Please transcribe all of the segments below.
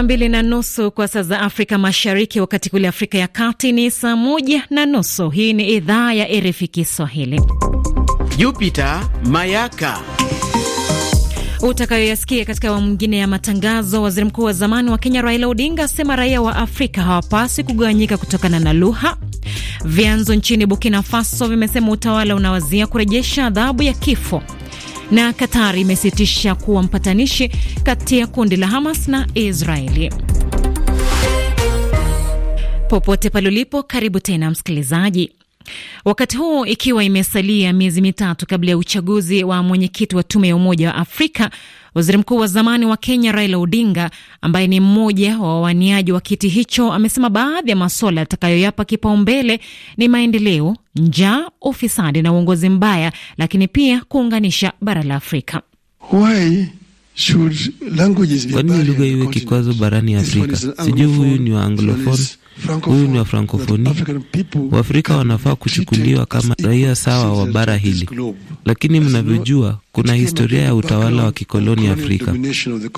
saa mbili na nusu kwa saa za Afrika Mashariki, wakati kule Afrika ya Kati ni saa moja na nusu. Hii ni idhaa ya RFI Kiswahili. Jupiter Mayaka utakayoyasikia katika awamu nyingine ya matangazo. Waziri mkuu wa zamani wa Kenya Raila Odinga asema raia wa Afrika hawapaswi kugawanyika kutokana na lugha. Vyanzo nchini Burkina Faso vimesema utawala unawazia kurejesha adhabu ya kifo na Qatar imesitisha kuwa mpatanishi kati ya kundi la Hamas na Israeli. Popote pale ulipo, karibu tena msikilizaji. Wakati huu ikiwa imesalia miezi mitatu kabla ya uchaguzi wa mwenyekiti wa tume ya Umoja wa Afrika, waziri mkuu wa zamani wa Kenya Raila Odinga, ambaye ni mmoja wa wawaniaji wa kiti hicho, amesema baadhi ya masuala yatakayoyapa kipaumbele ni maendeleo, njaa, ufisadi na uongozi mbaya, lakini pia kuunganisha bara la Afrika. Why? Kwa nini lugha iwe kikwazo barani Afrika? Sijui huyu ni wa anglofoni Huyu ni wa Frankofoni. Waafrika wanafaa kuchukuliwa kama raia sawa wa bara hili, lakini mnavyojua kuna historia ya utawala wa kikoloni Afrika.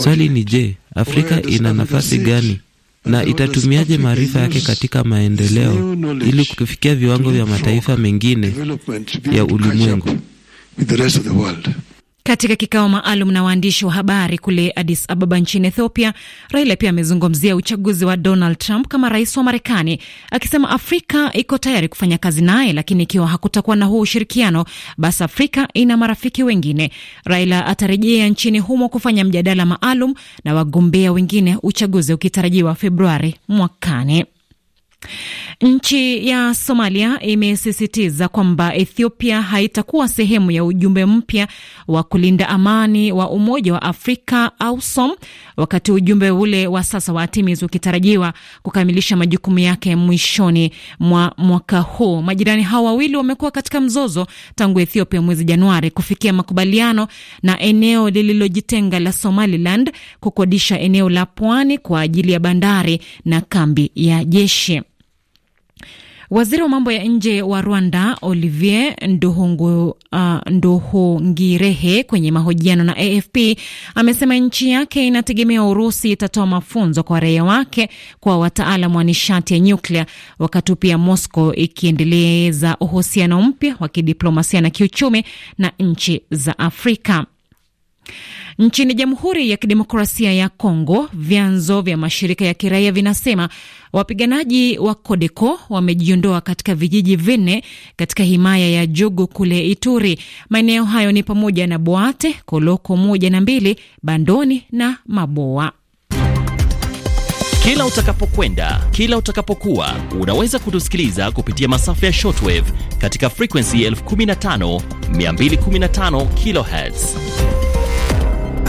Swali ni je, Afrika ina nafasi gani na itatumiaje maarifa yake katika maendeleo ili kufikia viwango vya mataifa mengine ya ulimwengu? Katika kikao maalum na waandishi wa habari kule Addis Ababa nchini Ethiopia, Raila pia amezungumzia uchaguzi wa Donald Trump kama rais wa Marekani, akisema Afrika iko tayari kufanya kazi naye, lakini ikiwa hakutakuwa na huu ushirikiano, basi Afrika ina marafiki wengine. Raila atarejea nchini humo kufanya mjadala maalum na wagombea wengine, uchaguzi ukitarajiwa Februari mwakani. Nchi ya Somalia imesisitiza kwamba Ethiopia haitakuwa sehemu ya ujumbe mpya wa kulinda amani wa Umoja wa Afrika AUSOM, wakati ujumbe ule wa sasa wa ATMIS ukitarajiwa kukamilisha majukumu yake mwishoni mwa mwaka huu. Majirani hao wawili wamekuwa katika mzozo tangu Ethiopia mwezi Januari kufikia makubaliano na eneo lililojitenga la Somaliland kukodisha eneo la pwani kwa ajili ya bandari na kambi ya jeshi. Waziri wa mambo ya nje wa Rwanda Olivier Ndohongo, uh, kwenye mahojiano na AFP amesema nchi yake inategemea Urusi itatoa mafunzo kwa raia wake kwa wataalam wa nishati ya nyuklia, wakati pia Moscow ikiendeleza uhusiano mpya wa kidiplomasia na kiuchumi na nchi za Afrika. Nchini Jamhuri ya Kidemokrasia ya Kongo, vyanzo vya mashirika ya kiraia vinasema wapiganaji wa Kodeko wamejiondoa katika vijiji vinne katika himaya ya Jugu kule Ituri. Maeneo hayo ni pamoja na Boate, Koloko moja na mbili, Bandoni na Maboa. Kila utakapokwenda, kila utakapokuwa, unaweza kutusikiliza kupitia masafa ya shortwave katika frequency 15215 kHz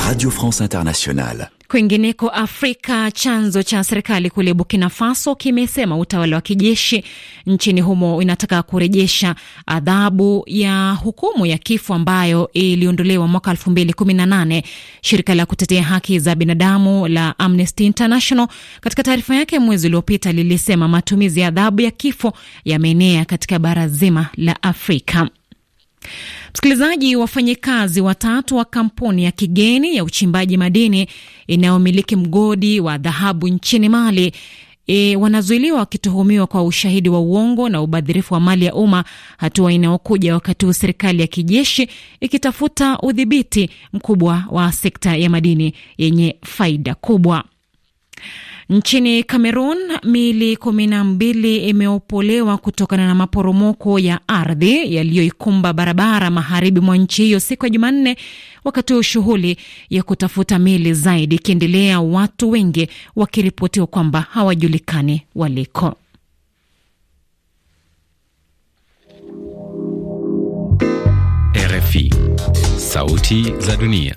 Radio France Internationale. Kwingineko Afrika, chanzo cha serikali kule Burkina Faso kimesema utawala wa kijeshi nchini humo inataka kurejesha adhabu ya hukumu ya kifo ambayo iliondolewa mwaka 2018. Shirika la kutetea haki za binadamu la Amnesty International katika taarifa yake mwezi uliopita lilisema matumizi ya adhabu ya kifo yameenea katika bara zima la Afrika. Msikilizaji, wafanyakazi watatu wa kampuni ya kigeni ya uchimbaji madini inayomiliki mgodi wa dhahabu nchini Mali E, wanazuiliwa wakituhumiwa kwa ushahidi wa uongo na ubadhirifu wa mali ya umma, hatua inayokuja wakati huu serikali ya kijeshi ikitafuta udhibiti mkubwa wa sekta ya madini yenye faida kubwa. Nchini Kamerun, mili kumi na mbili imeopolewa kutokana na maporomoko ya ardhi yaliyoikumba barabara magharibi mwa nchi hiyo siku ya Jumanne, wakati wa shughuli ya kutafuta mili zaidi ikiendelea, watu wengi wakiripotiwa kwamba hawajulikani waliko. RFI, Sauti za Dunia.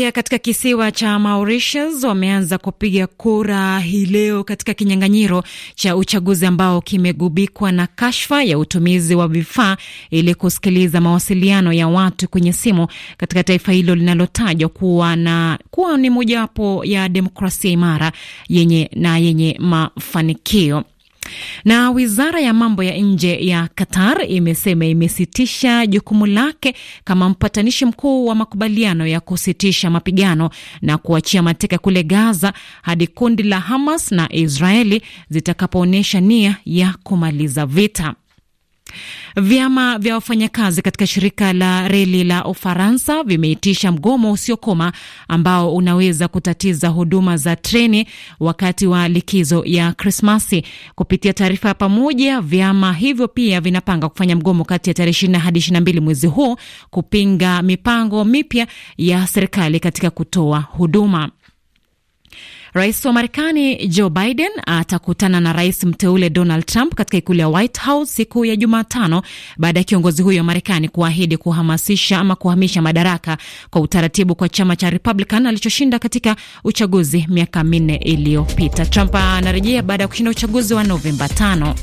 Raia katika kisiwa cha Mauritius wameanza kupiga kura hii leo katika kinyang'anyiro cha uchaguzi ambao kimegubikwa na kashfa ya utumizi wa vifaa ili kusikiliza mawasiliano ya watu kwenye simu katika taifa hilo linalotajwa kuwa na kuwa ni mojawapo ya demokrasia imara yenye na yenye mafanikio. Na wizara ya mambo ya nje ya Qatar imesema imesitisha jukumu lake kama mpatanishi mkuu wa makubaliano ya kusitisha mapigano na kuachia mateka kule Gaza hadi kundi la Hamas na Israeli zitakapoonyesha nia ya kumaliza vita. Vyama vya wafanyakazi katika shirika la reli la Ufaransa vimeitisha mgomo usiokoma ambao unaweza kutatiza huduma za treni wakati wa likizo ya Krismasi. Kupitia taarifa ya pamoja, vyama hivyo pia vinapanga kufanya mgomo kati ya tarehe ishirini hadi ishirini na mbili mwezi huu kupinga mipango mipya ya serikali katika kutoa huduma. Rais wa Marekani Joe Biden atakutana na rais mteule Donald Trump katika ikulu ya White House siku ya Jumatano baada ya kiongozi huyo wa Marekani kuahidi kuhamasisha ama kuhamisha madaraka kwa utaratibu kwa chama cha Republican alichoshinda katika uchaguzi miaka minne iliyopita. Trump anarejea baada ya kushinda uchaguzi wa Novemba tano.